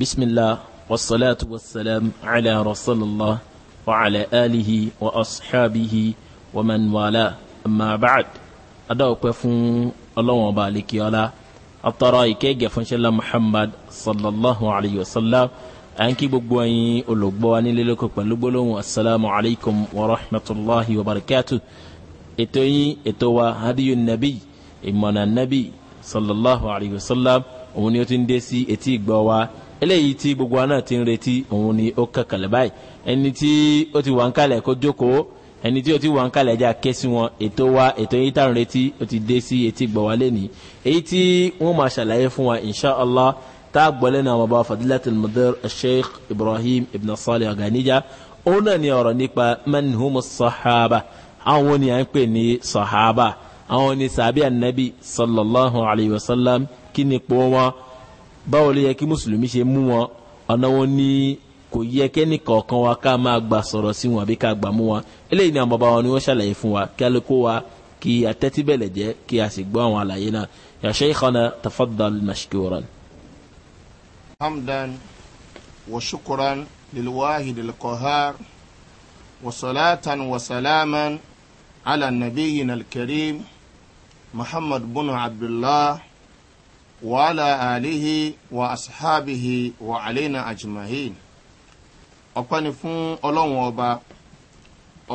بسم الله والصلاة والسلام على رسول الله وعلى آله وأصحابه ومن والاه أما بعد أدعوك فون الله وبارك يا atọrọ ìkẹ́gẹ́ fúnṣẹ́lá muhammad sallallahu alayhi wa sallam à ń kí gbogbo ẹ̀yin olùgbọ́ anílélókò pẹ̀lú gbólóhùn asalaamu alaykum wa rahmatulahi wa barakatu ètò yín ètò wa hadiyu nabi ìmọ̀nà nabi sallallahu alayhi wa sallam òun ni ó ti ń dé sí etí ìgbọ́ wa eléyìí tí gbogbo wa náà ti ń retí òun ni ó kàkàlẹ̀ báyìí ẹni tí ó ti wà ń kalẹ̀ kó jókòó ẹni tí ó ti wà ń kalẹ̀ já ké sí wọn ètò wa ètò yìí tá à ń retí ó ti dé sí etí gbọ̀ wá lẹ́nìí èyí tí wọ́n máa ṣàlàyé fún wa inshàlá tá a gbọ́lẹ́ náà bàbá fadilatul mudir sheikh ibrahim ibn salih ọ̀gánijà òun náà ni ọ̀rọ̀ nípa manhumu sahaba àwọn ni à ń pè ní sahaba àwọn ni sàbí anabi sallallahu alayhi wa sallam kí ni pò wọn báwo ló yẹ kí mùsùlùmí ṣe mú wọn ọ̀nà wọn ní kò yẹ kẹ́ni kọ̀ọ̀kan wa ká máa gbà sọ̀rọ̀ sí wọn àbí ká gbà mú wọn eléyìí ni àwọn bàbá wọn ni wọ́n ṣàlàyé fún wa kí alẹ́ kó wa kí atẹ́tí bẹ̀lẹ̀ jẹ́ kí a sì gbọ́ àwọn àlàyé náà ya shaykhana tafaddal mashkuran. hamdan wa shukran lilwahid alqahar wa salatan wa salaman ala nabiyina alkarim muhammad bin abdullah. وعلى آله وأصحابه وعلينا أجمعين ọpẹ́ ni fún ọlọ́run ọba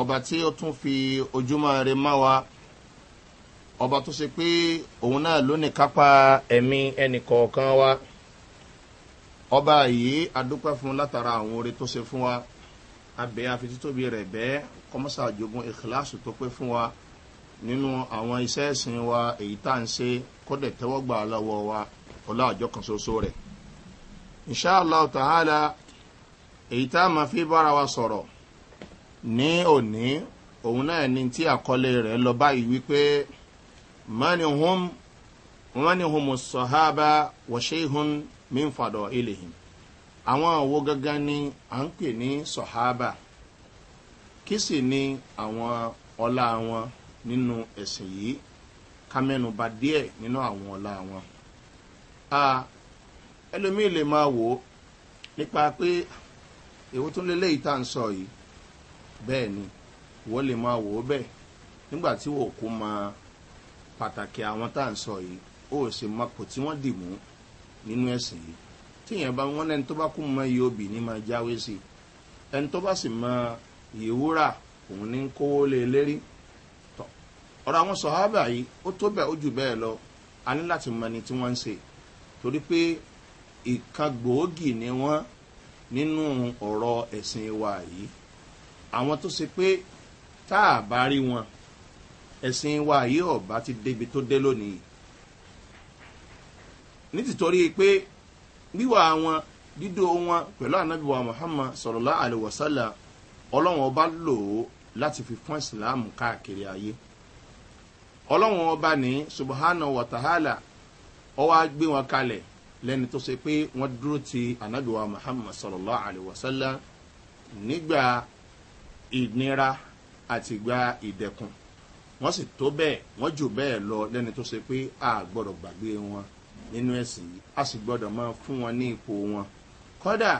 ọba tí ó tún fi ojúmọ́ rẹ má wa ọba tó ṣe pé òun náà ló ní kápá ẹ̀mí ẹnìkọ̀ọ̀kan wa ọba yìí adúpẹ́ fún látara àwọn oore tó ṣe fún wa abẹ́ àfitítóbi rẹ̀ bẹ́ẹ̀ kọ́mọ́sá àjogún ìkìláàsù tó pé fún wa. Abe, nínú àwọn iṣẹ́ ẹ̀sìn wa èyí tá à ń ṣe kọ́dẹ̀ tẹ́wọ́gbà lọ́wọ́ wa ọlá àjọ kan ṣoṣo rẹ̀. inṣàlá ọ̀tàhálà èyí tá a máa fi bára wa sọ̀rọ̀ ní òní òun náà ni tí àkọlé rẹ̀ lọ báyìí wípé mọ́nihun mọ́nihun sọ̀hábà wọ̀ṣẹ́hun mínfàdọ̀ ilẹ̀hìn àwọn àwo gangan ni à ń pè ní sọ̀hábà kí sì ni àwọn ọlá wọn nínú ẹ̀sìn yìí ká mẹ́nu ba díẹ̀ nínú àwọn ọ̀la wọn. a ẹlòmíì lè máa wò ó nípa pé èwo tún lélẹ́yìí tá à ń sọ yìí bẹ́ẹ̀ ni wọ́n lè máa wò ó bẹ́ẹ̀ nígbà tí wò kó mọ pàtàkì àwọn tá à ń sọ yìí ó sì mọ kò tí wọ́n dì mú nínú ẹ̀sìn yìí tíyẹn bá wọn lẹ́ni tó bá kú mọ iye obì ní máa jáwé sí i ẹni tó bá sì mọ iye wúrà òun ní kówó lé e lérí ọ̀rọ̀ àwọn sọ̀hábà yìí ó tó bẹ̀ ó jù bẹ́ẹ̀ lọ a ní láti mọ ẹni tí wọ́n ń ṣe torí pé ìkan gbòógì ni wọ́n nínú ọ̀rọ̀ ẹ̀sìn wa yìí àwọn tó ṣe pé tá a bá rí wọn ẹ̀sìn wa yìí ọ̀bá ti débi tó dé lónìí nítìtorí pé wíwà wọn dídó wọn pẹ̀lú ànábìwá muhammad sọ̀rọ̀lá àlèwọ̀sálà ọlọ́run ọba lò ó láti fi fún ìsìláàmù káàkiri ayé ọlọ́wọ́n ọba ní subahana wàtàhálà ọwọ́ gbé wọn kalẹ̀ lẹ́ni tó ṣe pé wọ́n dúró ti anabiwa muhammad sallallahu alayhi wa sallam nígbà ìnira àti gba ìdẹ̀kùn wọ́n sì tó bẹ́ẹ̀ wọ́n jù bẹ́ẹ̀ lọ lẹ́ni tó ṣe pé a gbọ́dọ̀ gbàgbé wọn nínú ẹ̀sìn yìí a sì gbọ́dọ̀ máa fún wọn ní ipò wọn kọ́dà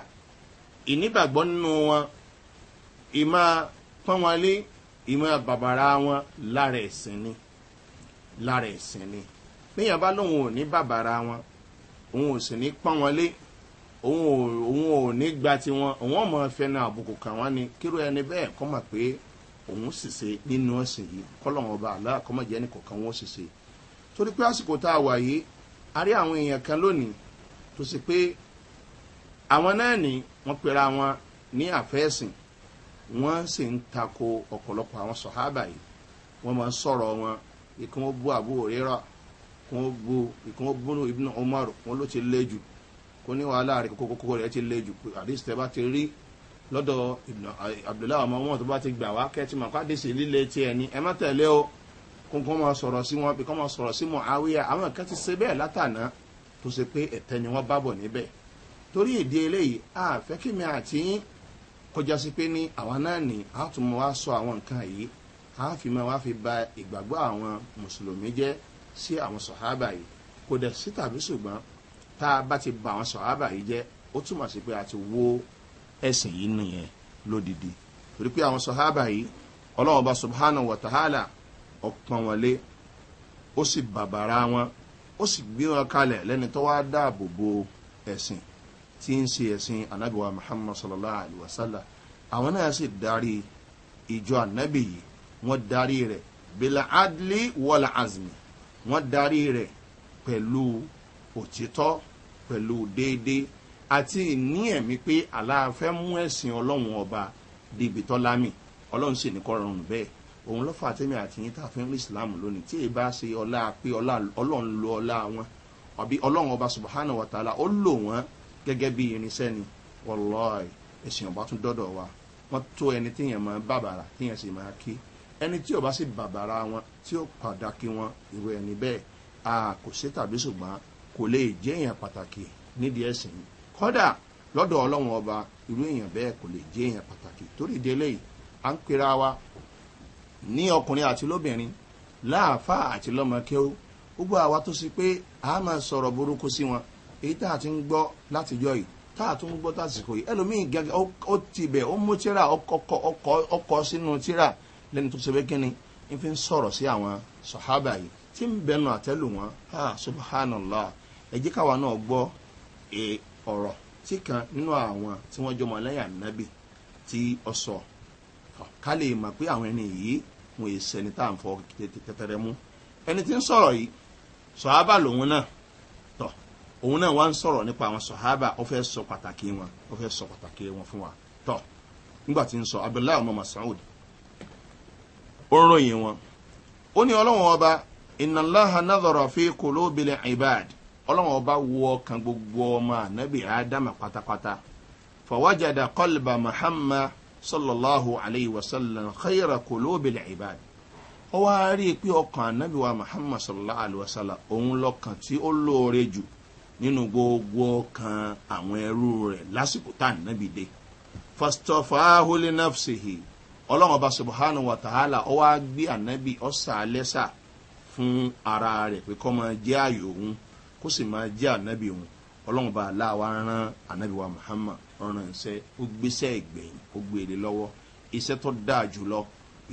ìnígbàgbọ́ nínú wọn ìmọ̀ pọ́n ìmọ̀ bàbàrà wọn lára ẹ̀sìn ni lára ẹ̀sìn ni níyàn bá lóun ò ní bàbàrà wọn òun ò sì ní pọ́n wọn lé òun ò ní gba tiwọn òun ò mọ fẹnu àbùkù kàn wọn ni kíró ẹni bẹ́ẹ̀ kọ́ mọ̀ pé òun ṣìṣe nínú ẹ̀sìn yìí kọ́lọ́wọ́n ọba àlọ́ àkọ́mọ̀jẹ́ ní kọ̀ọ̀kan wọn ṣìṣe torí pé àsìkò tá a wà yìí a rí àwọn èèyàn kan lónìí tó sì pé àwọn náà ni wọ́n pera wọn ní àfẹ́sìn wọ́n sì ń tako ọ̀pọ̀lọpọ̀ àwọn sọ̀hábà yìí wọ́n máa ń sọ̀rọ̀ wọn ìkan ó bú àbú òrera kan ó bú ìkan ó búrò ibùnà omar wọn ló ti lé jù kó ní wàhálà rẹ kókókókó rẹ ti lé jù pé àdìsí tẹ bá ti rí lọ́dọ̀ abdullahi ọmọ wọn tó bá ti gbà wá kẹ́tì mọ̀ kádìsí líle tiẹ̀ ni ẹ má tẹ̀lé o kó kọ́ máa sọ̀rọ̀ sí wọn kọ́ máa sọ̀rọ̀ sí mọ̀ àwíyá àwọn kan ti ṣe bẹ́ẹ̀ látànà tó ṣe pé ẹ̀tẹ́ ni wọ́n bá bọ̀ níbẹ̀ torí ìdí eléyìí àfẹ́kìmí àti kọjá sí pé ní àwa náà ní àtúmọ̀ wá sọ àwọn nǹkan yìí àáfin máa wá fi ba ìgbàgbọ́ àwọn mùsùlùmí jẹ́ sí àwọn sọ̀hábà yìí kò dẹ̀ sí tàbí ṣùgbọ́n tá a bá ti ba àwọn sọ̀hábà yìí jẹ́ ó túmọ̀ sí pé a ti wó ẹ̀sìn yìí nìyẹn lódìdí torí pé àwọn sọ̀hábà yìí ọlọ́run ọba subhanahu wa ta'ala ọ̀pọ̀n wọn ó sì bàbàrà wọn ó sì gbé wọn kalẹ̀ lẹ́ni tó wá dáàbò bo ẹ̀sìn tí ń ṣe ẹ̀sìn anabiwa muhammad sallallahu alaihi wa sallam àwọn náà sì darí ìjọ anabi yìí wọ́n darí rẹ̀ bílà adlé wọ́lá azmi wọ́n darí rẹ̀ pẹ̀lú òtítọ́ pẹ̀lú déédéé àti ní ẹ̀mí pé aláàfẹ́ mú ẹ̀sìn ọlọ́run ọba débi tọ́lámì ọlọ́run sì ní kọ́ rọrùn bẹ́ẹ̀ òun ló fà tẹ́mi àti yín tá a fẹ́ ń rí islam lónìí tí èyí bá ṣe ọlá pé ọlọ́run lo ọlá wọn àbí ọlọ́run ọba subahana wa ta'ala ó lò wọ́n gẹ́gẹ́ bí irinṣẹ́ ni wọ́lọ́ọ̀ ẹ̀sìn ọba tún dọ́dọ̀ wa wọ́n tó ẹni téèyàn máa bàbàrà téèyàn sì máa kí ẹni tí ò bá sì bàbàrà wọn tí ó padà kí wọn irú ẹni bẹ́ẹ̀ a kò sí tàbí ṣùgbọ́n kò lè jẹ́ èèyàn pàtàkì nídìí ẹ̀sìn kọ́dà lọ́dọ̀ ọlọ́run ọba irú èèyàn bẹ́ẹ̀ kò lè jẹ́ èèyàn pàtàkì torí délé yìí à ń pera wa ní ọkùnrin àti lóbìnrin láàfáà àti lọ́mọkéwó gbogbo àwa tó sì pé a máa sọ̀rọ̀ burúkú sí wọn èyí tá a ti ń gbọ́ látijọ́ yìí tá a tún ń gbọ́ tásìkò yìí ẹlòmíì gẹ́gẹ́ ó tibẹ̀ ó mú tíra ọkọ̀ sínú tíra lẹ́ni tó ṣe pé kíni n fi ń sọ̀rọ̀ sí àwọn sọ̀hábà yìí tí ń bẹnu àtẹ́lù wọn ha subhanallah ẹ jẹ́ káwa náà gbọ́ e, ọ̀rọ̀ tí kan nínú àwọn tí wọ́n jọmọ lẹ́yìn ànábì tí ọ sọ ká lè mọ̀ pé àwọn ẹni yìí wọn èsì ẹni tá à ń fọ tẹtẹrẹ mú ẹni tí ń sọ̀rọ̀ yìí sọ̀hábà lòun náà tọ̀ òun náà wá ń sọ̀rọ̀ nípa àwọn sọ̀hábà ó fẹ́ sọ pàtàkì wọn ó fẹ́ sọ pàtàkì wọn fún wa tọ̀ nígbà tí ń sọ abdullahi ọmọ masoud ó ń ròyìn wọn ó ní ọlọ́wọ́n ọba ìnàláha nàdọ̀rọ̀ fi kòló bilẹ̀ ibad ọlọ́wọ́n ọba wo ọkàn gbogbo ọmọ ànábì ádámà pátápátá fọwọ́jàdà kọlba muhammad sallallahu alayhi wa sallam khayra kòló bilẹ̀ ibad ó wá rí i pé ọkàn ànábì wa muhammad sallallahu alayhi wa sallam òun lọ́kàn tí ó lóore jù nínú gbogbo ọkàn àwọn ẹrú rẹ̀ lásìkò tá ànábì dé fastofahuli nafsihi ọlọ́run ọba subahana wa ta'ala ọ wá gbé ànábì ọ̀sà alẹ́sà fún ara rẹ̀ pé kọ́ máa jẹ́ ààyò òun kó sì máa jẹ́ ànábì òun ọlọ́run ọba aláwa rán ànábì wa muhammad ọ̀ràn ṣe ó gbéṣẹ́ ìgbẹ̀yìn ó gbé e lọ́wọ́ iṣẹ́ tó dáa jùlọ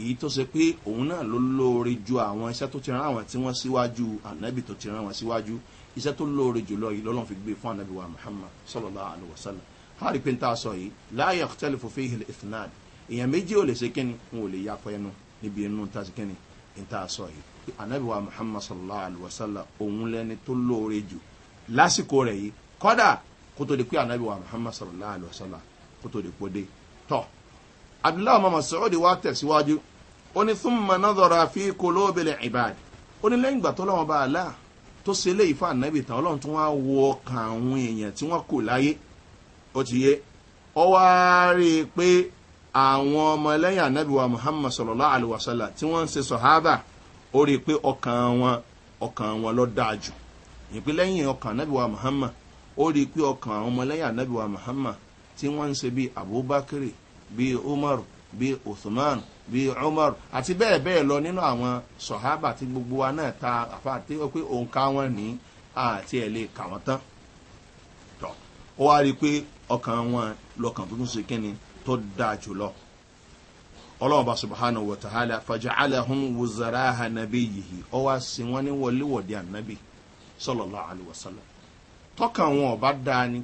èyí tó ṣe pé òun náà ló lóore ju àwọn iṣẹ́ tó ti rán àwọn tí wọ́n síwájú ànábì tó ti rán wọn síwájú iṣẹ́ tó lóore jùlọ yìí lọ́lọ́run fi gbé e fún ànábì wa muhammad sọlọ́lá àlùwọ̀sálà hàrí pé n ta sọ yìí láàyè tẹ́lifù fíhìl ìfúnáàdì èèyàn méjì ò lè ṣe kíni wọn ò lè yakọ ẹnu níbi inú ta sí kíni níta sọ yìí anabi wa muhammad sallallahu alaihi wa sallam òun lẹni tó lóore jù lásìkò rẹ yìí kọ́dà kó tó di pé anabi wa muhammad sallallahu alaihi wa sallam kó tó di pé dé tọ́ abdullahi mama sọ́ọ́dì wa tẹ̀síwájú ó ní fún manadọ́ra fi kolóbele ibad ó ní lẹ́yìn ìgbà tó bá a la tó ṣe léyìí fún anabi tán ọlọ́run tó wá wọ ọkàn àwọn èèyàn tí wọ́n kò láyé ó ti yé ọ wá rí i pé àwọn ọmọlẹ́yìn anábìwá muhammad sọlọ́lá àlùwàsálà tí wọ́n ń ṣe sọ̀hábà ó rí i pé ọkàn wọn ọkàn wọn lọ dáa jù ìpínlẹ́yìn ọkàn anábìwá muhammad ó rí i pé ọkàn àwọn ọmọlẹ́yìn anábìwá muhammad tí wọ́n ń ṣe bíi abubakar bíi umar bíi uthman bíi umar àti bẹ́ẹ̀ bẹ́ẹ̀ lọ nínú àwọn sọ̀hábà tí gbogbo wa náà ta àfa àti pé òǹkà wọn ní àti ẹ̀ lè kà wọ́n tán ó wá rí i pé ọkàn wọn lọkàn tuntun ṣe kí tó dáa jùlọ ọlọ́run subahana wa ta'ala fàjàcálà wùzàrà ha nàbí yìí ọ wá sí wọn ànábì sọlọ́lá àlùwàsálà tọ́ka wọn ọba dáa ni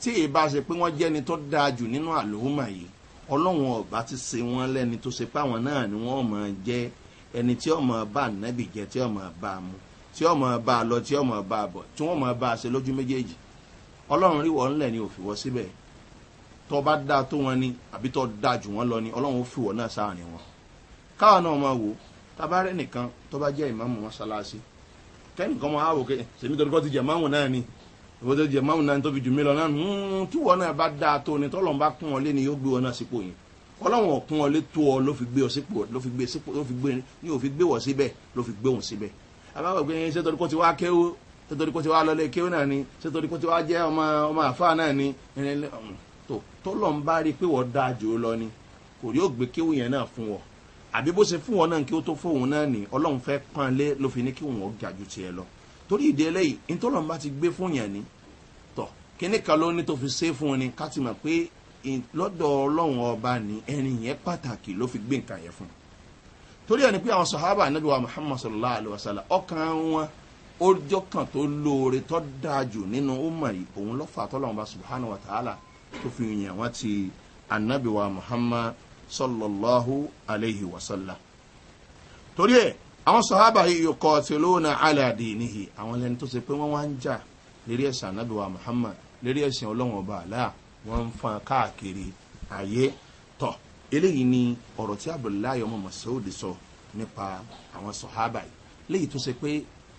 tí ìbá ṣe pé wọ́n jẹ́ni tó dáa jù nínú àlòhùnmá yìí ọba ti se wọn lẹ́ni tó ṣe pé àwọn náà ni wọ́n mọ̀ ẹni tí ọmọ ànábì jẹ́ tí ọmọ tí ọmọ lọ tí ọmọ bọ̀ tí wọ́n mọ̀ ṣe tọ́ bá dáa tó wọn ni àbí tọ́ dáa jù wọ́n lọ ni ọlọ́run ó fi wọ́n náà sáà ní wọn. káwọn náà máa wò tabarẹ́ nìkan tọ́ bá jẹ́ ìmáàmù mọ́ṣáláṣí kẹ́nìkan máa wò kẹ́ sèmi tó kọ́ ti jẹ́ máàmù náà ni ìwọ́n tó jẹ́ máàmù náà ni tó fi jù mí lọ náà nù hmm, tí wọ́n náà bá dáa tó ni tọ́lọ́run bá kún ọ lé ni yóò gbé wọn náà sípò yẹn ọlọ́run ọ̀kún ọ lé tó ọ ló fi gbé ọ sípò ló fi gbé sípò ló fi gbé ní òfin gbé wọ́n síbẹ̀ ló fi gbé wọn síbẹ̀ abáwọ̀gbé yẹn eh, ṣé kó ti wá kéwó ṣé kó ti wá lọlé kéwó náà ni ṣé kó ti wá jẹ́ ọmọ ọmọ àfáà náà ni tọ́lọ̀ ń bá rí i pé wọ́n dáa jù lọ ni kò rí ògbé kéwù yẹn náà fún wọn àbí bó ṣe fún wọn náà kí ó tó fóun náà ní ọlọ́run fẹ́ pọ́n lé ló fi ní kí wọn gà ju tiẹ̀ lọ torí ìdí eléyìí ntọ́lọ̀ ń bá ti gbé fún yẹn ni tọ̀ kíní kan ló ní tó fi ṣe fún un ni ká ti mọ̀ pé lọ́dọ̀ ọlọ́run ọba ni ẹni yẹn pàtàkì ló fi gbé nǹkan yẹn fún un torí ẹni pé àwọn sọ̀hábà níbi wa muhammad sallallahu alayhi wa sallam ọkàn wọn ọjọ́ kan tó lóore tó dáa ó tó fi yàn wá ti anabiwa muhammad sallallahu alayhi wa sallam torí ẹ àwọn sọ̀hábà yìí kọ́ ti lónà aláàdì níhì àwọn ẹni tó ṣe pé wọ́n wá ń jà lérí ẹ̀sìn anábìwá muhammad lérí ẹ̀sìn ọlọ́wọ̀n ọba àlá wọ́n ń fan káàkiri ayé tọ̀ eléyìí ni ọ̀rọ̀ tí abdullahi ọmọ masoud sọ nípa àwọn sọ̀hábà yìí léyìí tó ṣe pé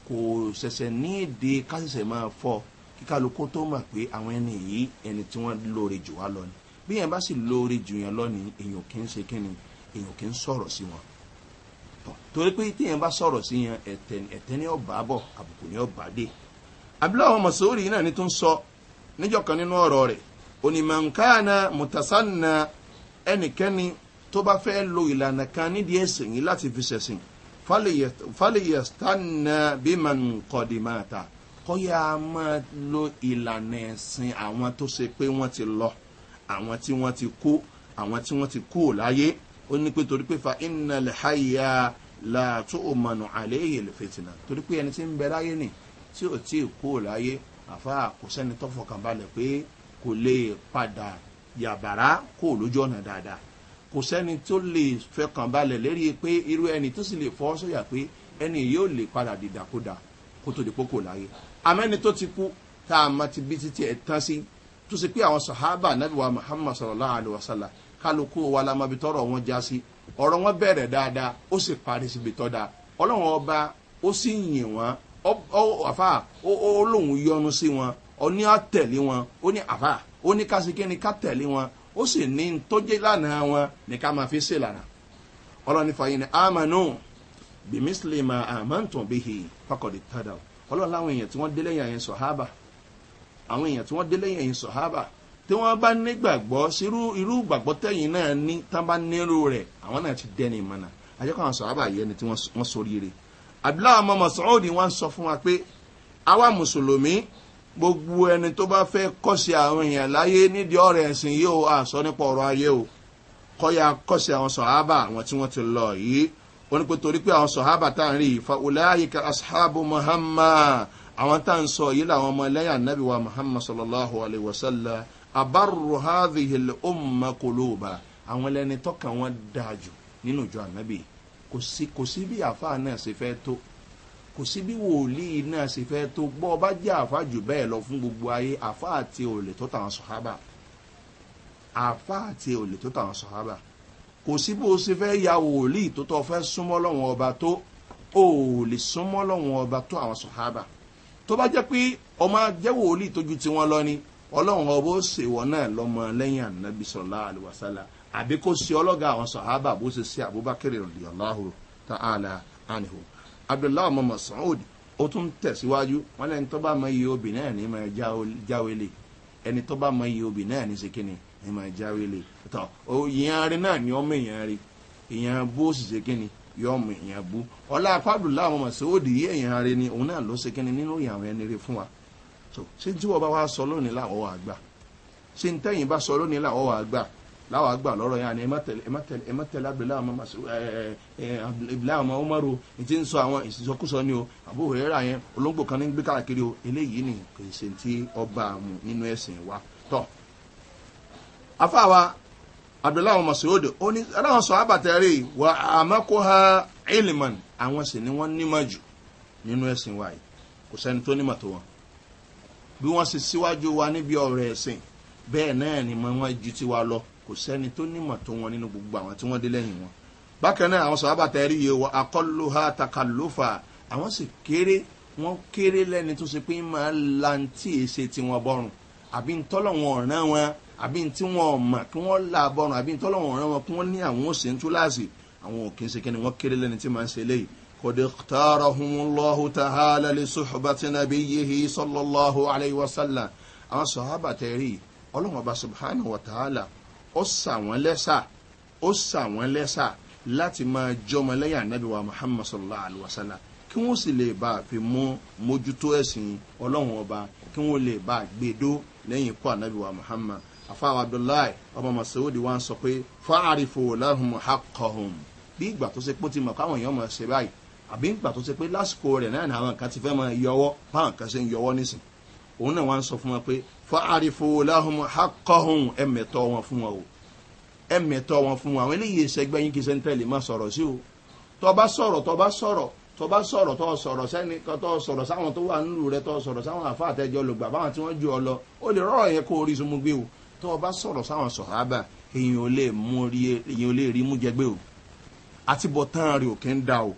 kò ṣẹ̀ṣẹ̀ ní èdè kásìṣẹ̀ máa fọ́ kíkálukú tó mọ̀ pé àwọn ẹni yìí ẹni tí wọ́n lóore jù wá lọ ni bí yẹn bá sì lóore jù yẹn lọ ni èèyàn kì í ṣe kí ni èèyàn kì í sọ̀rọ̀ sí wọn torí pé tí yẹn bá sọ̀rọ̀ sí yẹn ẹ̀tẹ́ ni ọba bọ̀ àbùkù ni ọba dé abdullahi masori náà ni tó ń sọ níjọ kan nínú ọ̀rọ̀ rẹ̀ onímọ̀nkánà mùtàsánà ẹnikẹ́ni tó bá fẹ́ lo ìlànà kan nídìí ẹ̀sìn yìí láti fi ṣẹ̀sìn fálẹ̀yẹ̀ tánà bí mànkọ́dìmáta kọ́yà á máa lo ìlànà ẹ̀sìn àwọn tó ṣe pé wọ́n ti lọ àwọn tí wọ́n ti kó àwọn tí wọ́n ti kú láyé ó ní pé torí pé fa iná lè háyà láàtú òmànà àléyè lè fètìnà torí pé ẹni tí ń bẹ láyé nì tí ò tí ì kú láyé àfa kò sẹ́ni tọ́fọkànbalẹ̀ pé kò lè padà yàbàrá kó lójú ọ̀nà dáadáa kò sẹ́ni tó lè fẹkànbalẹ̀ lérí pé irú ẹni tó sì lè fọ́ sọ́yà pé ẹni yóò lè padà dìdàkudà kó tó di pókò láyé amẹ́ni tó ti kú tá a ma ti bí títí ẹ̀ tán sí tó sì pé àwọn sahaba nabi wa muhammad sallallahu alayhi wa sallam kálukú wa la mabi tọrọ wọn já sí ọ̀rọ̀ wọn bẹ̀rẹ̀ dáadáa ó sì parí síbi tọ́ da ọlọ́run ọba ó sì yìn wọn ọ àfà ó lóun yọnu sí wọn ó ní á tẹ̀lé wọn ó ní àfà ó ní kásìkíni ká tẹ̀lé wọn ó sì ní tójé lánàá wọn ní ká máa fi ṣe lànà ọlọ́run fàyín ní amanu bí mísìlì máa àmọ́ ọlọ́run láwọn èèyàn tí wọ́n dé lẹ́yìn àyẹn sọ̀hábà àwọn èèyàn tí wọ́n dé lẹ́yìn àyẹn sọ̀hábà tí wọ́n bá nígbàgbọ́ sírú irú gbàgbọ́ tẹ̀yìn náà ní tán bá nírú rẹ̀ àwọn náà ti dẹ́ni ìmọ̀nà àjẹkọ̀ àwọn sọ̀hábà yẹn ni tí wọ́n soríire abdullahi ọmọ masoud wọn sọ fún wa pé àwa mùsùlùmí gbogbo ẹni tó bá fẹ́ kọ́sí àwọn èèyàn láyé nídìí ọ̀rọ̀ ẹ̀sìn yìí ó àsọ nípa ọ̀rọ̀ ayé o kọ́ya kọ́sí àwọn sọ̀hábà àwọn tí wọ́n ti lọ yìí wọ́n ní pé torí pé àwọn sọ̀hábà tá à ń rí ìfa ọ̀làyíká asáàbù muhammad àwọn tá à ń sọ yìí làwọn ọmọ ẹlẹ́yà nàbí wa muhammad sallallahu alayhi wa sallam abarru hadhihi umma koloba àwọn ẹlẹ́ni tọ́ka wọn dáa nínú ìjọ ànábì kò sí bí àáfàá náà ṣe fẹ́ tó kò sí bí wòlíì náà ṣe fẹ́ tó gbọ́ ọba jẹ́ àáfàá jù bẹ́ẹ̀ lọ fún gbogbo ayé àáfàá àti òòlè tó tàwọn sọ̀hábà àáfàá àti òòlè tó tàwọn sọ̀hábà kò sí bó o ṣe fẹ́ ya wòlíì tó tọ́ fẹ́ súnmọ́ lọ́wọ́n ọba tó o ò lè súnmọ́ lọ́wọ́n ọba tó àwọn sọ̀hábà tó bá jẹ́ pé ọmọ jẹ́ wòlíì tójú tí wọ́n lọ ni ọlọ́run ọba ó ṣe ìwọ náà lọ́mọ lẹ́yìn ànábì sọ̀lá àlùwàsálà àbí kó ṣe ọlọ́gà àwọn sọ̀hábà bó ṣe ṣe àbúbákẹ́rì rìọ̀láhù tààlà ànihò abdullahi ọmọ masoud ó tún tẹ̀síwájú wọn ẹni tó bá mọ iye obì náà ní ní máa jáwé lè tọ èèyàn rí náà ni ọmọ èèyàn rí èèyàn bú ó sì ṣe kíni yọ ọmọ èèyàn bú ọlá apádùlá àwọn mọ̀síwòdì yí èèyàn rí ni òun náà ló ṣe kíni nínú ìyàwó ẹni rí fún wa so ṣé tí wọ́n bá wá sọ lónìí làwọ̀ wà gbà ṣé ní tẹ́yìn bá sọ lónìí làwọ̀ wà gbà láwọn àgbà lọ́rọ̀ yẹn ni ẹ má tẹ̀lé abdullá àwọn ọmọrò tí ń sọ àwọn ìsìsọkúsọ ni o àbò òrẹ́rà yẹn olóńgbò kan ní gbé káàkiri o eléyìí ni kò ṣe ti ọba àmù nínú ẹ̀sìn wa tọ́ afáwa abdullahi ọmọ sòwòdì ó ní aláwọn sọ abàtẹ́rì wà àmọ́kọ́ha ilman àwọn sì ni wọ́n nímọ̀ jù nínú ẹ̀sìn wa yìí kò sẹ́ni tó nímọ̀ tó wọn bí wọ́n sì síwájú wa níbi ọ̀rọ̀ ẹ̀sìn bẹ́ẹ̀ náà ni mọ̀ wọ́n ju tiwa lọ kò sẹ́ni tó nímọ̀ tó wọn nínú gbogbo àwọn tí wọ́n dé lẹ́yìn wọn bákan náà àwọn sọ abàtẹ́rì yìí wọ akọ́lù ha àwọn sì kéré wọ́n kéré lẹ́ni tó ṣe pé máa lantíèsè tiwọn bọ́rùn àbí ntọ́lọ́wọn ọ̀ràn wọn àbí tí wọn mọ̀ kí wọ́n là bọ̀rùn àbí tí ọlọ́wọ̀n rán wọn kí wọ́n ní àwọn òsè ń tú láàsì àwọn òkè ń ṣe kí ni wọ́n kéré lẹ́ni tí máa ń ṣe léyìí. kòdì tààrà humnulọ́hu tahala lè sùhùbà tí nàbí yéhi sọlọ́láhu alayhi wa sàlá àwọn sọ̀hábà tẹ̀ rí ọlọ́wọ̀n bá subhanahu wa ta'ala ó sà wọ́n lẹ́sà ó sà wọ́n lẹ́sà láti máa jọmọ lẹ́yìn anabi wa muhammad sallallahu alayhi wa sallam kí wọ́n sì lè bá a fi mú mójútó ẹ̀sìn ọlọ́run ọba kí wọ́n lè bá a gbé lẹ́yìn ikú anabi wa muhammad àfáwọn abdullahi ọmọ masoodi wa ń sọ pé fáàrífò láhùn hakọhùn bí ìgbà tó ṣe pé ó ti mọ̀ káwọn èèyàn mọ̀ ṣe báyìí àbí ìgbà tó ṣe pé lásìkò rẹ̀ náà ní àwọn nǹkan ti fẹ́ mọ yọwọ́ báwọn kan ṣe ń yọwọ́ nísìn òun náà wá ń sọ fún wọn pé fáàrífò láhùn hakọhùn ẹ̀mẹ̀tọ́ wọn fún wọn o ẹ̀mẹ̀tọ́ wọn fún wọn àwọn eléyìí ìṣẹ́gbẹ́ yín kì í ṣe ń tẹ̀lé má sọ̀rọ̀ sí o tọba sọ̀rọ̀ tọba sọ̀rọ̀ tọba sọ̀rọ̀ tọ sọ̀rọ̀ sẹ́ni tọ sọ̀rọ̀ sáwọn tó wà nílùú rẹ tọ sọ̀rọ̀ sáwọn àfa àtẹjọ lògbà báwọn tí wọ́n ju ọ lọ ó lè rọrọ̀ yẹn kó orí sunmú gbé o tó o bá sọ̀rọ̀ sáwọn sọ̀hábà èyàn ò lè mú rí èyàn ò lè rí mú jẹgbẹ́ o àti bọ̀tán rẹ̀ ò kí ń da o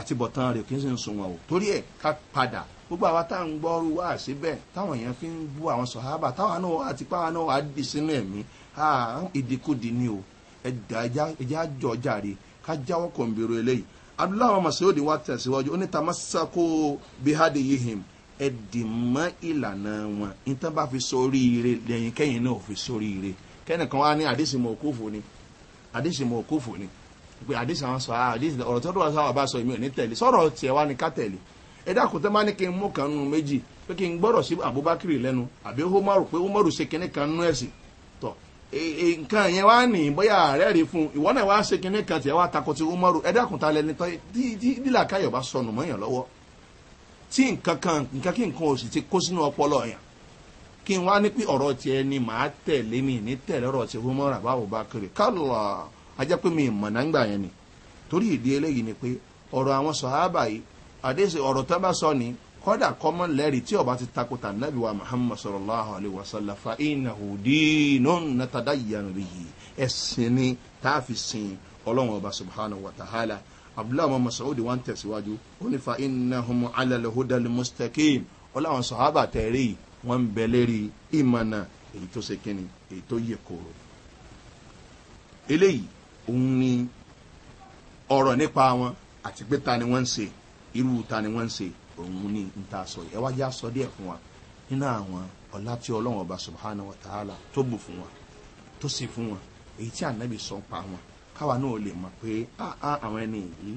àti bọ̀tán rẹ̀ ò kí ń sì ń sunwọ̀n o torí ẹ̀ ká padà gbogbo àwa tá à ń gbọ́rú wá síbẹ̀ táwọn èèyàn fi ń bú àwọn sọ̀hábà táwọn náà àti páwọn náà á dì sínú ẹ̀mí ìdíkùdì ni o ẹ̀jẹ̀ àjọ jàre ká jáwọ́ kọ̀ǹbìrò eléyìí adúláwọ̀ màsíwòdì wa tẹ̀síwájú ó ní bihadi yihim ẹ dì mọ́ ìlànà wọn nítorí bá fi sórí ire lẹ́yìn kẹ́yìn náà fi sórí ire kẹ́nìkan wá ní àdìsí mọ̀ òkúfò ni àdìsí mọ̀ òkúfò ni pé àdìsí àwọn sọ ah, àdìsí ọ̀rọ̀ tó dọ̀wọ́ sáwà bá sọ èmi ò ní tẹ̀lé sọ̀rọ̀ tiẹ̀ wá ní ká tẹ̀lé ẹ dákun tó bá ní kí n mú kan nínú méjì pé kí n gbọ́dọ̀ sí abubakiri lẹ́nu àbí homaru pé homaru ṣe kinní kan nú ẹ̀sìn tọ̀ nǹkan yẹn wá ní bóyá ààrẹ rí fún ìwọ náà wá ṣe kinní kan tiẹ̀ wá takò ti homaru ẹ dákun ta lẹni tán tí dílà káyọ̀ bá sọnù mọ́yàn lọ́wọ́ tí nǹkan kan nǹkan kí nǹkan oṣù ti kó sínú ọpọlọ yẹn kí n wá ní pé ọ̀rọ̀ tiẹ̀ ni màá tẹ̀lé mi ní tẹ̀lé ọ̀rọ̀ tiẹ̀ fún mọ́ra báwo bá kiri kálọ̀ ajá pé mi ìmọ̀nà ń gbà yẹn ni torí ìdí eléyìí ni pé ọ̀rọ̀ àwọn sọ̀hábà yìí àdéhùn ọ̀rọ̀ tó bá sọ ni kọ́dà kọ́mọ́n lẹ́rìí tí ọba ti takota nàbí wa muhammad sallallahu alayhi wa sallam fa inahu diinu natada yanu bihi ẹ̀sìn ni táàfin sin ọlọ́run ọba subhanahu wa ta'ala abdullahi ọmọ masoud wa ń tẹ̀síwájú ó ní fa iná homo alalahoda mustakim ó láwọn sọ̀hábà tẹ̀rí wọ́n ń bẹ lérí ìmọ̀nà èyí tó ṣe kíni èyí tó yẹ kóró eléyìí òun ni ọ̀rọ̀ nípa wọn àti pé ta ni wọ́n ń ṣe irú ta ni wọ́n ń ṣe òun ni n ta sọ ẹ wájú aṣọ díẹ̀ fún wa nínú àwọn ọ̀la tí ọlọ́run ọba subhanahu wa ta'ala tó bù fún wa tó sì fún wa èyí tí ànábì sọ pa wọn káwa náà lè mọ̀ pé ah, ah, àwọn ẹni yìí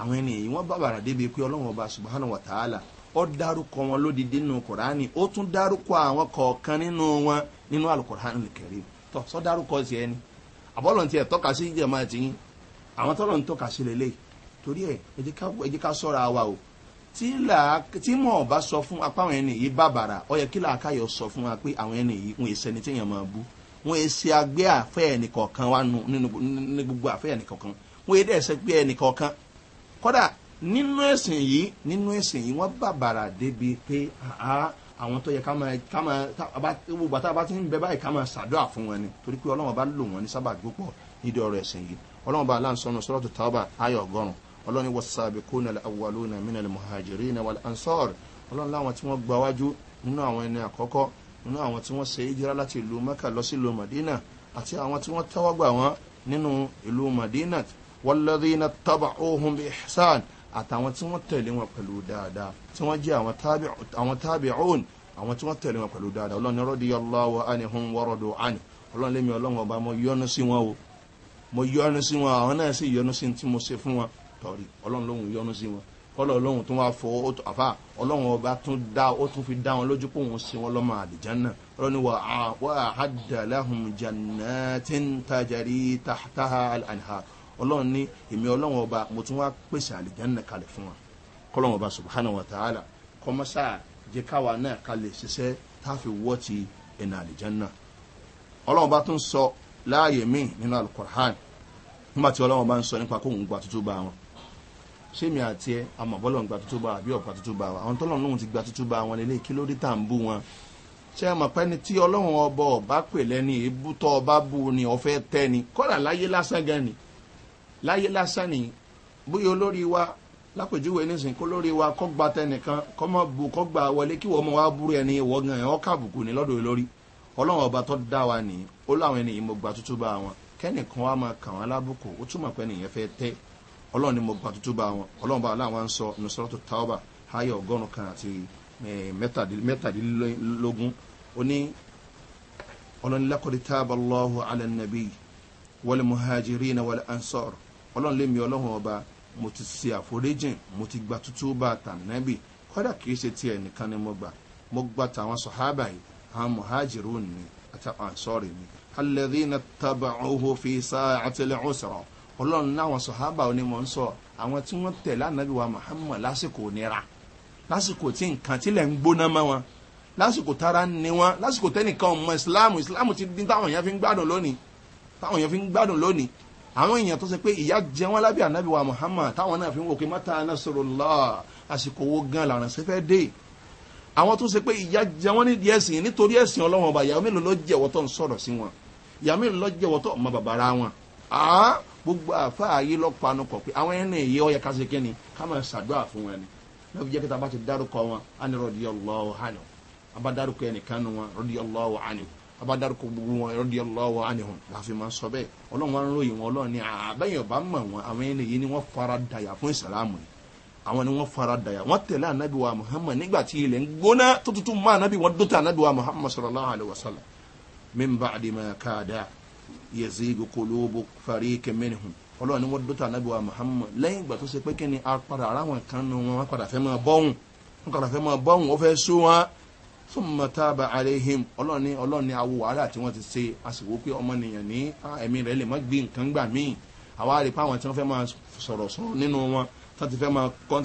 àwọn ẹni yìí wọ́n bàbàrà débi pé ọlọ́run ọba subahana wa ta'ala ọ dárúkọ wọn lódìdí nínú kùránì ó tún dárúkọ àwọn kọ̀ọ̀kan nínú wọn nínú alukùránì kẹrì tọ sọ dárúkọ sí ẹni àbọ̀lọ̀ tiẹ̀ tọ́ka sí jẹ̀mọ́ àti yín àwọn tọ́lọ̀ ń tọ́ka sí lélẹ̀ torí ẹ̀ ẹ ká sọ́ra wa o tí mọ̀ ọba sọ fún apá àwọn ẹni yìí bàbàrà ọ yẹ kí làákàyọ̀ sọ fún wa pé àwọn ẹni yìí ń ṣẹni tí èèyàn máa bú wọn yẹ ṣe agbé àfẹ́ ẹnìkọ̀ọ̀kan wa nù nínú gbogbo àfẹ́ ẹnìkọ̀ọ̀kan wọn yẹ dẹ́sẹ̀ gbé ẹnìkọ̀ọ̀kan kọ́dà nínú ẹ̀sìn yìí nínú ẹ̀sìn yìí wọ́n bàbàrà débi pé àwọn tó yẹ ká máa ká máa gbogbo àtàwọn bá ti ń bẹ báyìí ká máa ṣàdúrà fún wọn ni torí pé ọlọ́wọ́n bá lò wọ́n ní sábà gbópọ̀ nídìí ọ̀rọ̀ ẹ̀sìn yìí ọlọ́wọ́n bá aláǹsọ́nù sọ́rọ́tù tábà ayọ̀ ọgọ́rùn ọlọ́ni wasabikuna awaluna minal muhajirina wal ansor ọlọ́ni láwọn tí wọ́n gbawájú nínú àwọn ẹni àkọ́kọ́ nínú àwọn tí wọ́n ṣe ìjírá láti ìlú mẹ́kà lọ sí ìlú madina àti àwọn tí wọ́n tẹ́wọ́ gbà wọ́n nínú ìlú madina wọ́lọ́dínà tábà ohun bíi ihsan àtàwọn tí wọ́n tẹ̀lé wọn pẹ̀lú dáadáa tí wọ́n jẹ́ àwọn tábì ọ̀hún àwọn tí wọ́n tẹ̀lé wọn pẹ̀lú dáadáa ọlọ́ni rọ́dí ọlọ́wọ́ àni hun wọ́rọ̀dọ̀ àni ọlọ́ni lẹ́mi ọlọ́wọ́ ọba mo yọnu sí wọn kọ́lọ̀ ọlọ́run tó wá fọ àfà ọlọ́run ọba tún dá ó tún fi dá wọn lójú pé òun sin wọn lọ́mọ àdìján náà ọlọ́run wà á àdàláhùn jàǹnà tí ń tajarí táhà àlànà ọlọ́run ní èmi ọlọ́run ọba mo tún wá pèsè àdìján náà kalẹ̀ fún wa kọ́lọ́run ọba subahana wa ta'ala kọ́mọ́sá jẹ́ náà kalẹ̀ ṣiṣẹ́ táfi wọ́ ti ẹ̀nà àdìján náà ọlọ́run ọba tún sọ láàyè míì nínú alukur'an nígbà tí ọlọ́run ọba ń sọ nípa kóhùn sẹ́mi àti ẹ amọ̀bọ́lọ̀ ń gba tútú bá àbí ọ̀pá tútú bá wa àwọn tọ́lọ̀ lóhun ti gba tútú bá wọn lélẹ́ kí ló dé tà ń bú wọn ṣé ẹ mọ̀ pé ni tí ọlọ́run ọba ọba pè lẹ́ni ebú tọ́ ọba bú ni ọ̀fẹ́ tẹ́ ni kọ́dà láyé lásán gan ni láyé lásán ni bóyá olórí wa lápèjúwe nísìnyí kó lórí wa kọ́ gba tẹnìkan kọ́ mọ̀ bu kọ́ gba wọlé kí wọ́n mọ̀ wá búrú ẹni ìwọ gan ẹ̀ ọ́kà àbùkù ni lọ́dọ̀ olórí ọlọ́run ọba tó dá wa nìyí ó láwọn ẹni yìí mo gba tútú bá wọn kẹ́nìkan wa máa kàn wọ́n lábùkù ó túmọ̀ pé nìyẹn fẹ́ tẹ́ ọlọ́run ni mo gbà tuntun bá wọn ọlọ́run bá aláwọn ń sọ nusra tó ta ọba ayé ọgọ́rùn kan àti mẹ́tàdínlógún ó ní ọlọ́run lákọ̀dé tábà lọ́hùn alẹ́ nàbí wọlé muhajiri na wọlé ansọ́r ọlọ́run lé mi ọlọ́run ọba mo ti ṣe àforíjìn mo ti gbà tuntun bá tànàbì kọ́dà kìí ṣe tiẹ̀ nìkan ni mo gbà mo gbà tàwọn sọ̀hábà yìí àwọn muhajiri ni àtàwọn ansọ́r ni alẹ́ dín na tábà fi sáà àtẹlẹ́ ọ̀sọ̀rọ̀ ọlọ́run láwọn sọ̀hábà onímọ̀ ń sọ àwọn tí wọ́n tẹ̀ lánàbí wa muhammed lásìkò nira lásìkò tí nǹkan tilẹ̀ ń gbóná mọ́ wọn lásìkò tara ni wọn lásìkò tẹnìkan ọmọ ìsìláàmù ìsìláàmù ti dín táwọn èèyàn fi ń gbádùn lónìí táwọn èèyàn fi ń gbádùn lónìí àwọn èèyàn tó ṣe pé ìyá jẹ wọn lábẹ́ ànábì wa muhammad táwọn náà fi ń wò pé mọ́tà náà sọ̀rọ̀ lọ àsìkò wo gan làrán ṣe fẹ́ dé àwọn tó ṣe pé ìyá jẹ wọn nídìí ẹ̀sìn nítorí ẹ̀sìn ọlọ́wọ́n ọba ìyàwó mélòó ló jẹ̀wọ́ tó ń sọ̀rọ̀ sí wọn ìyàwó mélòó ló jẹ̀wọ́ tó ọmọ bàbá ara wọn gbogbo àfa ayé lọ panu pọ̀ pé àwọn ẹni èyí ọ̀yẹ kásìkè kí ni ká máa ṣàdúrà fún wọn ni náà fi jẹ́ kíta bá ti dárúkọ wọn á ní rọ̀dí ọlọ́wọ́ hànú abá dárúkọ ẹnìkan nu wọn rọ̀dí ọlọ́wọ́ hànú abá dárúkọ gbogbo wọn rọ̀dí ọlọ́wọ́ hànú láfi máa sọ bẹ́ẹ̀ ọlọ́run wọn ròyìn wọn ọlọ́run ni àbẹ́yìn ọba mọ̀ wọn àwọn ẹni èyí ni wọ́n fara dàyà fún ìsàlámù àwọn ni wọ́n fara dàyà wọ́n tẹ̀lé anabi wa muhammad nígbà tí ilẹ̀ ń gbóná tó tuntun mọ́ anabi wọn dótà anabi wa muhammad sallallahu alayhi wa sallam min ba'di ma yazigu kulubu faríkì mẹ́rin ọlọ́run ni wọ́n dọ́tà anábìwá muhammad lẹ́yìn ìgbà tó ṣe pé kí ni apara aráwọn kan nu wọn padà fẹ́ máa bọ́hùn wọn padà fẹ́ máa bọ́hùn wọ́n fẹ́ sún wọn fún mọ̀tàbà àlehim ọlọ́run ni ọlọ́run ni awo wàhálà tí wọ́n ti ṣe àsìkò pé ọmọnìyàn ní ẹ̀mí rẹ̀ lè má gbé nǹkan gbà míì àwa rí i àwọn tí wọ́n fẹ́ máa sọ̀rọ̀ sọ̀rọ̀ nínú wọn tó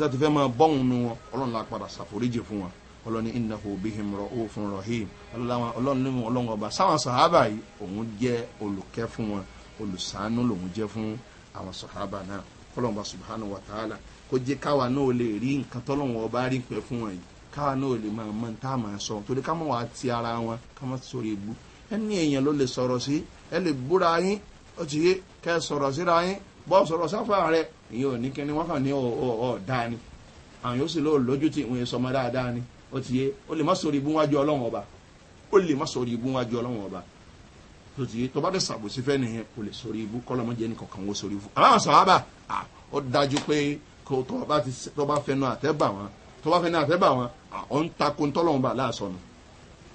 ti fẹ́ máa bọ́hùn nu wọn ọlọ́run la padà ṣàforíjì fún wọn ọlọ́ni innahu bihim ra'ufun rahim ọlọ́run lóhun ọlọ́run ọba sáwọn sàhábà yìí òun jẹ́ olùkẹ́ fún wọn olùsàánú lòun jẹ́ fún àwọn sàhábà náà ọlọ́run ọba subhanahu wa ta'ala kó jẹ́ káwa náà lè rí nǹkan tọ́lọ́run ọba rí pẹ́ fún wọn yìí káwa náà lè máa mọ tá a máa sọ torí ká mọ̀ wá ti ara wọn ká mọ̀ sórí ibú ẹni èèyàn ló lè sọ̀rọ̀ sí ẹ lè búra yín ó ti yé kẹ́ sọ̀rọ̀ síra yín bọ́ sọ̀rọ̀ sáfà rẹ̀ ìyẹn ò ní kíni wọ́n kàn ní ọ̀ dáa ni àwọn yóò sì lóò lójú tí ìwọ̀n sọmọ dáadáa ni ó ti yé ó lè má sọ̀rọ̀ ìbú wájú ọlọ́run ọba ó lè má sọ̀rọ̀ ìbú wájú ọlọ́run ọba tó ti yé tó bá dé sàbòsí fẹ́ nìyẹn kò lè sọ̀rọ̀ ìbú kọ́lọ́mọ jẹ́ nìkan kan wó sọ̀rọ̀ ìbú àbáwọn sàbábà ó dájú pé tó bá fẹnu àtẹ́bà wọn tó bá fẹnu àtẹ́bà wọn ọ̀ ń takò ń tọ́lọ́run bá láàsọ̀nù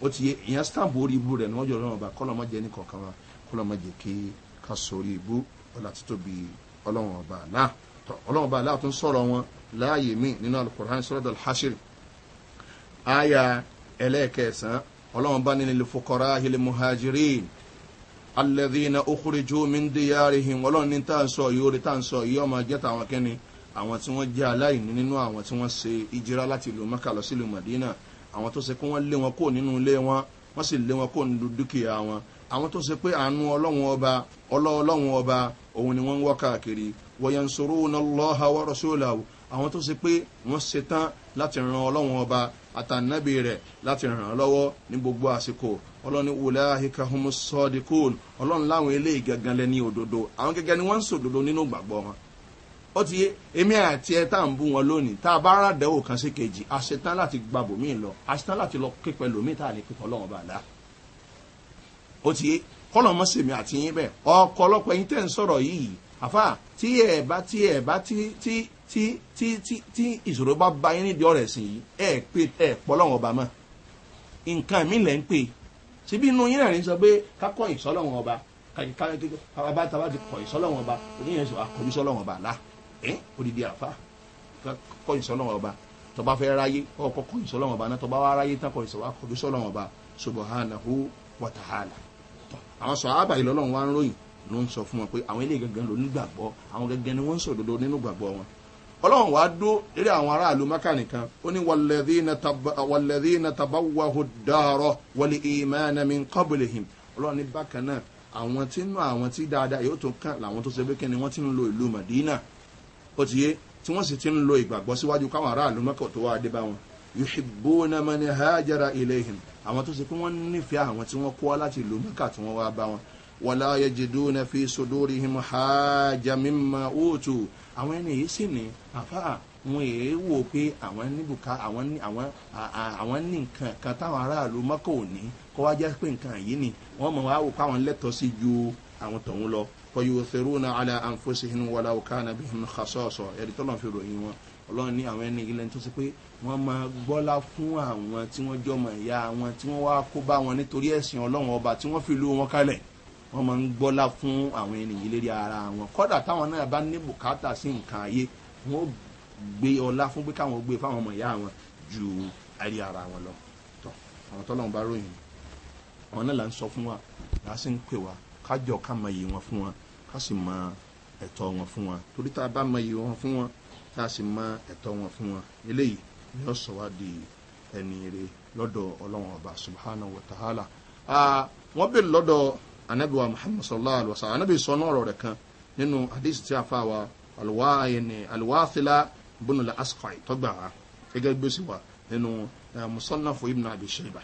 ó ti yé ìyẹn stamp orí ibu rẹ̀ níwájú ọlọ́run ọba kọ́lọ́mọ jẹ́ nìkan kan wọn kọ́lọ́mọ jẹ́ kí ká sọ̀rọ̀ ìbú ọlọ́run ọba àlá ọlọ́run ọba àlá tó sọ̀rọ̀ wọn láàyè míì nínú alukur'an sọ́dọ̀ alhashir aya ẹlẹ́ẹ̀kẹsàn-án ọlọ́run bá nínú ìfọkọ̀rọ̀ ahìlẹ̀ muhajiri alẹ́dínà okùrìjú mindiyarihim ọlọ́run ní tá à ń sọ yìí orí tá à ń sọ yìí ọmọ jẹ́ta àwọn kẹ́ni àwọn tí wọ́n jẹ́ aláìní nínú àwọn tí wọ́n ṣe ìjira láti ìlú mẹ́ka lọ sí ìlú mọ̀dínà àwọn tó ṣe pé wọ́n lé wọn kó nínú ilé wọn wọ́n sì lé wọn kó nínú dúkìá wọn àwọn tó ṣe pé àánú ọlọ́run ọba ọlọ́ọ̀lọ́run ọba òun ni wọ́n ń wọ́ káàkiri wọ̀yàn náà lọ́ha wọ́rọ̀ sólà àwọn tó ṣe pé wọ́n ṣetán láti ran ọlọ́run ọba àtànábì rẹ̀ láti ràn án lọ́wọ́ ní gbogbo àsìkò ọlọ́ni wòlá hikahumu sọ́ọ́dìkún ọlọ́run láwọn eléyìí gangan lẹ́ni òdodo àwọn gẹ́gẹ́ ni wọ́n ń sòdodo nínú ìgbàgbọ́ wọn. ó ti yé èmi àti ẹ tá à ń bú wọn lónìí tá a bá rà dẹ́wò kan sí kejì àṣetán láti gba bòmíì lọ àṣetán láti lọ képe lòmíì tá a lè képe ọlọ́run bá ó ti yé kọ́lọ̀ mọ́ sèmi àti yín bẹ́ẹ̀ ọkọ̀ ọlọ́pàá yín tẹ́ ń sọ̀rọ̀ yìí àfà tí ẹ̀ bá tí ẹ̀ bá tí tí tí tí tí ìṣòro bá ba yín nídìí ọ̀rẹ́ sìn yìí ẹ̀ pé ẹ̀ pọ̀ lọ́wọ́n ọba mọ̀ nǹkan mi lẹ́ ń pè síbi inú yín náà ní sọ pé kákọ́ ìsọ́lọ́wọ́n ọba kábàbá tá a bá ti kọ̀ ìsọ́lọ́wọ́n ọba oníyẹn sọ àkọ́jú sọ́lọ́wọ́n ọba là ẹ́ odidi àfa kọ́ ìsọ́lọ́wọ́n ọba tọba fẹ́ ráyé ọkọ̀ kọ́ ìsọ́lọ́wọ́n ọba náà tọba wá ráyé tán kọ́ ìsọ́wọ́ àkọ́jú sọ́lọ́wọ́n ọba subahánahu wàtàhálà àwọn sọ àbàyè lọ́lọ́run wá ń ròyìn ló ń sọ fún wọn pé àwọn ilé gẹ́gẹ́ ló nígbàgbọ́ àwọn gẹ́gẹ́ ni wọ́n ń sọ òdodo nínú gbàgbọ́ wọn ọlọ́run wàá dó eré àwọn aráàlú maka nìkan ó ní wàlẹ́dí na tabawahu dàrọ wàlẹ́ ìmánami kọ́bùlìhìm ọlọ́run ní bákan náà àwọn tí nù àwọn tí dáadáa yóò tó kàn làwọn tó ṣe pé kíni wọ́n ti ń lo ìlú madina ó ti yé tí wọ́n sì ti ń lo ìgbàgbọ́ síwájú káwọn aráàlú maka tó wáá dé bá wọn yòṣìbó na mani hajara ilẹ̀hìn àwọn tó ṣe pé wọ́n nífẹ̀ẹ́ àwọn tí wọ́n kọ́ láti ìlú maka tí wọ́n wáá bá wọn wàlá yẹ jìdó na fi sodórihim hajjamima òòtù àwọn ẹni èyí sì ní àfáà wọn èyí wò pé àwọn níbùkà àwọn àwọn àwọn ní nǹkan kan táwọn aráàlú mọ́kò ní kó wá jẹ́ pé nǹkan yìí ni wọ́n mọ̀ wá wò pé àwọn lẹ́tọ̀ọ́ sí ju àwọn tọ̀hún lọ fọyọ̀fẹ̀rún ala àǹfọ̀sẹ̀hìn wọlé ọ̀ká nàbí hàn xasọ̀ọ̀sọ̀ ẹ̀rí tọ́lọ̀ fi ròyìn wọn ọlọ́run ní àwọn ẹni ilẹ̀ tó ṣe pé wọ́n máa gbọ́lá fún àwọn tí wọ́n jọmọ̀ ìyá àwọn tí wọ́n wá kó bá wọn nítorí ẹ̀sìn ọlọ́run ọba tí wọ́n fi lú wọn kalẹ̀ wọ́n máa ń gbọ́lá fún àwọn ènìyàn lérí ara wọn kọ́dà táwọn náà bá ní bùkátà sí nǹkan ayé wọ́n gbé ọlá fún pé káwọn gbé fáwọn ọmọ ìyá wọn ju ayé ara wọn lọ tọ́ àwọn tọ́lọ́run bá ròyìn àwọn náà là ń sọ fún wa là á sì ń pè wá kájọ ká mọ iye wọn fún wọn ká sì mọ ẹ̀tọ́ wọn fún wọn torí tá a bá mọ iye wọn fún wọn tá a sì mọ ẹ̀tọ́ wọn fún wọn eléyìí ni ó sọ wá di ẹni rè lọ́dọ̀ ọlọ́run ọba subhanahu wa ta'ala wọ́n anabi wa muhammad sallallahu alaihi wa sallam anabi sọ náà ọ̀rọ̀ rẹ̀ kan nínú hadith tí a fa wa alwaafila bunu la asqai tọgbà wa gẹ́gẹ́ bí ó sì wà nínú eh, musannafu ibn abi shaiba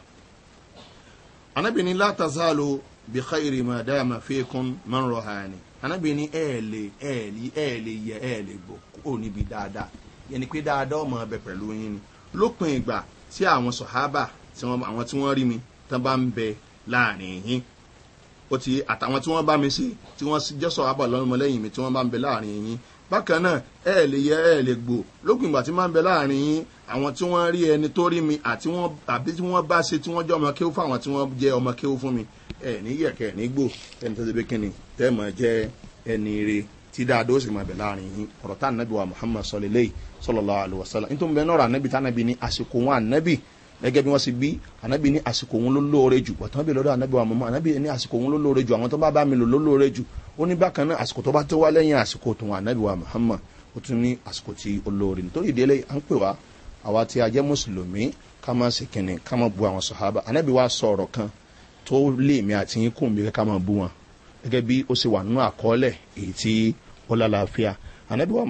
anabi ni látàzálò bí khayri ma dáama fíkún man rohani anabi ni ẹ̀ẹ́lẹ̀ ẹ̀ẹ́lẹ̀ ẹ̀ẹ́lẹ̀ yẹ ẹ̀ẹ́lẹ̀ bọ̀ ó níbi dáadáa yẹni pé dáadáa ọmọ ọbẹ̀ pẹ̀lú yín ni lópin ìgbà tí àwọn sọ̀hábà àwọn tí wọ́n rí mi tán bá ń bẹ láàrin yín ó ti àtàwọn tí wọ́n bá mi ṣe tí wọ́n jẹ́sọ̀ àbọ̀ lọ́mọlẹ́yìn mi tí wọ́n bá ń bẹ láàrin yín bákan náà ẹ lè yẹ ẹ lè gbò lókùn ìgbà tí máa ń bẹ láàrin yín àwọn tí wọ́n rí ẹni tó rí mi àti wọ́n àbí tí wọ́n bá ṣe tí wọ́n jẹ́ ọmọ kéwú fún àwọn tí wọ́n jẹ́ ọmọ kéwú fún mi ẹ ní yẹ̀kẹ́ ní gbò ẹni tó ṣe bí kíni tẹ́ mọ̀ jẹ́ ẹni re tí dáadọ́ sì máa bẹ̀ láàrin yín ọ̀rọ̀ tá ànábì wa muhammad sọlẹ̀ lẹ́yìn sọlọ́lá àlùwàsálà nítorí bẹ́ẹ̀ náà ọ̀rọ̀ ànábì tá ànábì ní àsìkò wọn ànábì gẹ́gẹ́ bí wọ́n ṣe bí ànábì ní àsìkò òun ló lóore jù wọ́n tán bí lọ́dọ̀ ànábì wa mọ̀mọ́ ànábì ní àsìkò òun ló lóore jù àwọn tó bá bá mi lò ló lóore jù ó ní bákan náà àsìkò tó bá tó wá lẹ́yìn àsìkò tó wọn ànábì wa muhammad ó tún ní àsìkò tí ó lóore nítorí ìdílé à ń pè wá àwa tí a jẹ́ mùsùlùmí ká má ṣe kìnnì ká má bu àwọn sọ̀hábà ànábì wa sọ ọ̀rọ̀ kan tó lé mi àti yín kùn bí ká má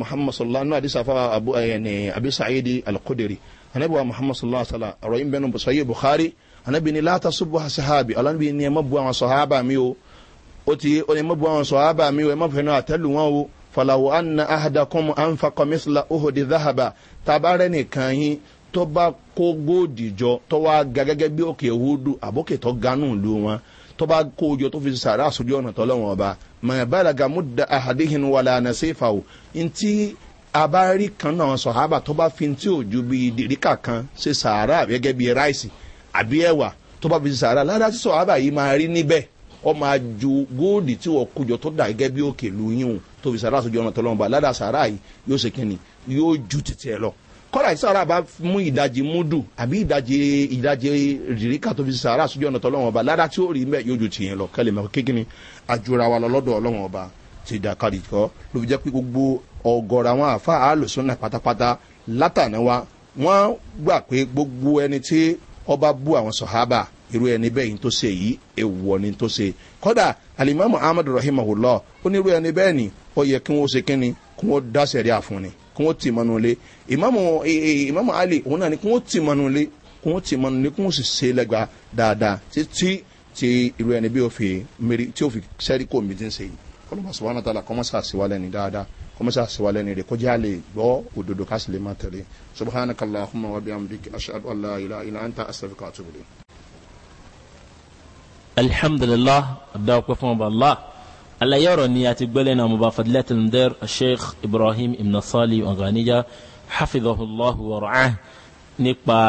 muhammad sallallahu alayhi wa sallam abu ayẹni eh, anabi wa muhammad sallallahu alaihi wa sallam ọ̀rọ̀ yìí bẹ́ẹ̀ nù sọ́yẹ́ buhari anabi ni láta ṣubú asahabi ọlọ́nibi ni ẹ má bu àwọn sọ̀hábà mi o ó ti ó ní ẹ má bu àwọn sọ̀hábà mi o ẹ má fẹ́nu àtẹ́lù wọn o falawo anna ahadakum anfakọ misla ohodi zahaba tabarẹ nìkan yín tó bá kó góòdì jọ tó wá ga gẹ́gẹ́ bí òkè ewúdu àbókè tó ganú ìlú wọn tó bá kó o jọ tó fi sàrà àsójú ọ̀nà tọ́lọ́wọ̀n ọba mọ̀ ẹ̀ bá àbárí kan náà sọ̀hábà tó bá fi tí ò ju bíi dèríkà kan ṣe sàárà gẹ́gẹ́ bíi ráìsì àbí ẹ̀wà tó fi ṣe sàárà ládàá tí sọ̀hábà yìí máa rí níbẹ̀ ju góòdì tí wọ́n kújọ tó dà gẹ́gẹ́ bí òkè lu o tó fi sàárà sójú ọ̀nà tọ́lọ́mọba ládàá sàárà yìí yóò ṣe kínni yóò ju títí ẹ lọ kọ́dà tí sàárà bá mú ìdajì múdù àbí ìdajì ìdajì rìríkà tó fi sàárà sójú ọ̀nà ba lada tí ó rí mẹ́ yóò ju tìyẹn lọ kẹ́lẹ́ mọ́ kékeré àjùra wa lọ lọ́dọ̀ ọlọ́mọba ti dàkàrí kọ́ ló fi jẹ́ pé gbogbo ọ̀gọ̀rọ̀ àwọn àfa àlùsùnà pátápátá látàná wa wọ́n gbà pé gbogbo ẹni tí ọba bú àwọn sọ̀hábà irú ẹni bẹ́ẹ̀ ní tó ṣe yìí èèwọ̀ ní tó ṣe kọ́dà alimami ahmed rahimahullah ó ní ẹni bẹ́ẹ̀ ni ó yẹ kí wọ́n ṣe kí ni kí wọ́n dá sẹ̀rí àfúnni kí wọ́n tì mọ́nú ilé ìmáàmù eh, eh, ali òun náà ni kí wọ́n tì mọ́nú ilé kí wọ́n tì mọ́nú ilé kí wọ́n sì ṣe lẹ́gbàá dáadáa títí tí irú ẹni bí ó fi mérí tí ó fi sẹ́rí kò ti ń ṣe yìí kọlọmọ sọwọ́n àtàlà kọmọsà síwálẹ̀ ní dáadáa kọmọsà síwálẹ̀ ní rẹ̀ kó já lè gbọ́ òdodo ká sì lè má tẹ̀lé subahana kala ahumma wa biyam dik ashadu allah ila ila anta asafika atubule. alhamdulilah adaakwẹ fún ọba allah alaye ọrọ ni a ti gbẹlẹ na muba fadilẹ tilimdẹr sheikh ibrahim ibnasali ọganija hafidhahullah wa ra'ah nípa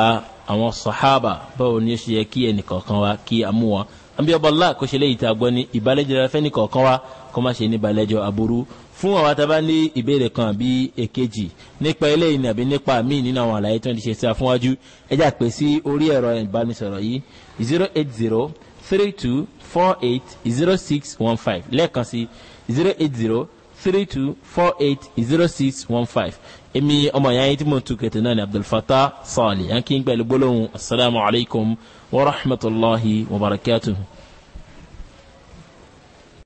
àwọn sahaba báwo ni ó ṣe yẹ kí ẹnì kọ̀ọ̀kan wa kí amú wa an bí kò ṣe léyìí tá a gbọ́ ní ìbálẹ̀jẹ̀ fẹ́ ní kọ̀ọ̀kan wa kó má ṣe ní balẹ̀jọ́ aburú fún àwa tá a bá ní ìbéèrè kan bí èkejì nípa eléyìí nàbí nípa míì nínú àwọn àlàyé tó ń ṣe sí afúnwájú ẹ jà pé sí orí ẹ̀rọ ìbánisọ̀rọ̀ yìí zero eight zero three two four eight zero six one five lẹ́ẹ̀kan sí zero eight zero three two four eight zero six one five èmi ọmọ ìyá tí mo tu kẹtẹ náà ni abdulfatah sọọli yankin pẹ̀lú gbólóhùn asalaamualeykum wa rahmatulahi wa barakatuhu.